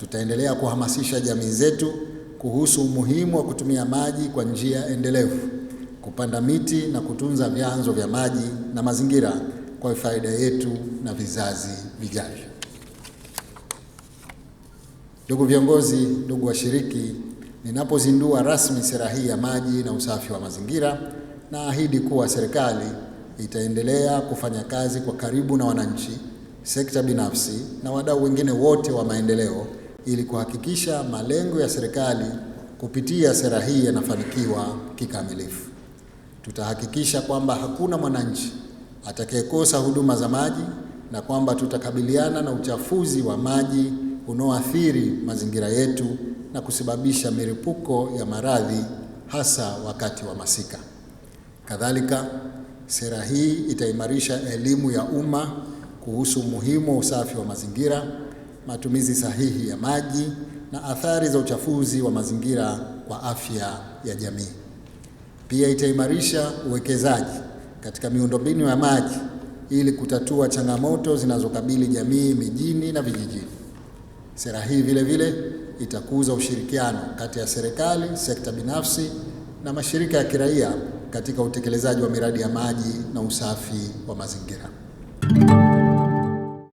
Tutaendelea kuhamasisha jamii zetu kuhusu umuhimu wa kutumia maji kwa njia endelevu, kupanda miti na kutunza vyanzo vya maji na mazingira kwa faida yetu na vizazi vijavyo. Ndugu viongozi, ndugu washiriki, ninapozindua rasmi sera hii ya maji na usafi wa mazingira, naahidi kuwa serikali itaendelea kufanya kazi kwa karibu na wananchi, sekta binafsi na wadau wengine wote wa maendeleo ili kuhakikisha malengo ya serikali kupitia sera hii yanafanikiwa kikamilifu. Tutahakikisha kwamba hakuna mwananchi atakayekosa huduma za maji na kwamba tutakabiliana na uchafuzi wa maji unaoathiri mazingira yetu na kusababisha milipuko ya maradhi hasa wakati wa masika. Kadhalika, sera hii itaimarisha elimu ya umma kuhusu umuhimu wa usafi wa mazingira matumizi sahihi ya maji na athari za uchafuzi wa mazingira kwa afya ya jamii. Pia itaimarisha uwekezaji katika miundombinu ya maji ili kutatua changamoto zinazokabili jamii mijini na vijijini. Sera hii vile vile itakuza ushirikiano kati ya serikali, sekta binafsi na mashirika ya kiraia katika utekelezaji wa miradi ya maji na usafi wa mazingira.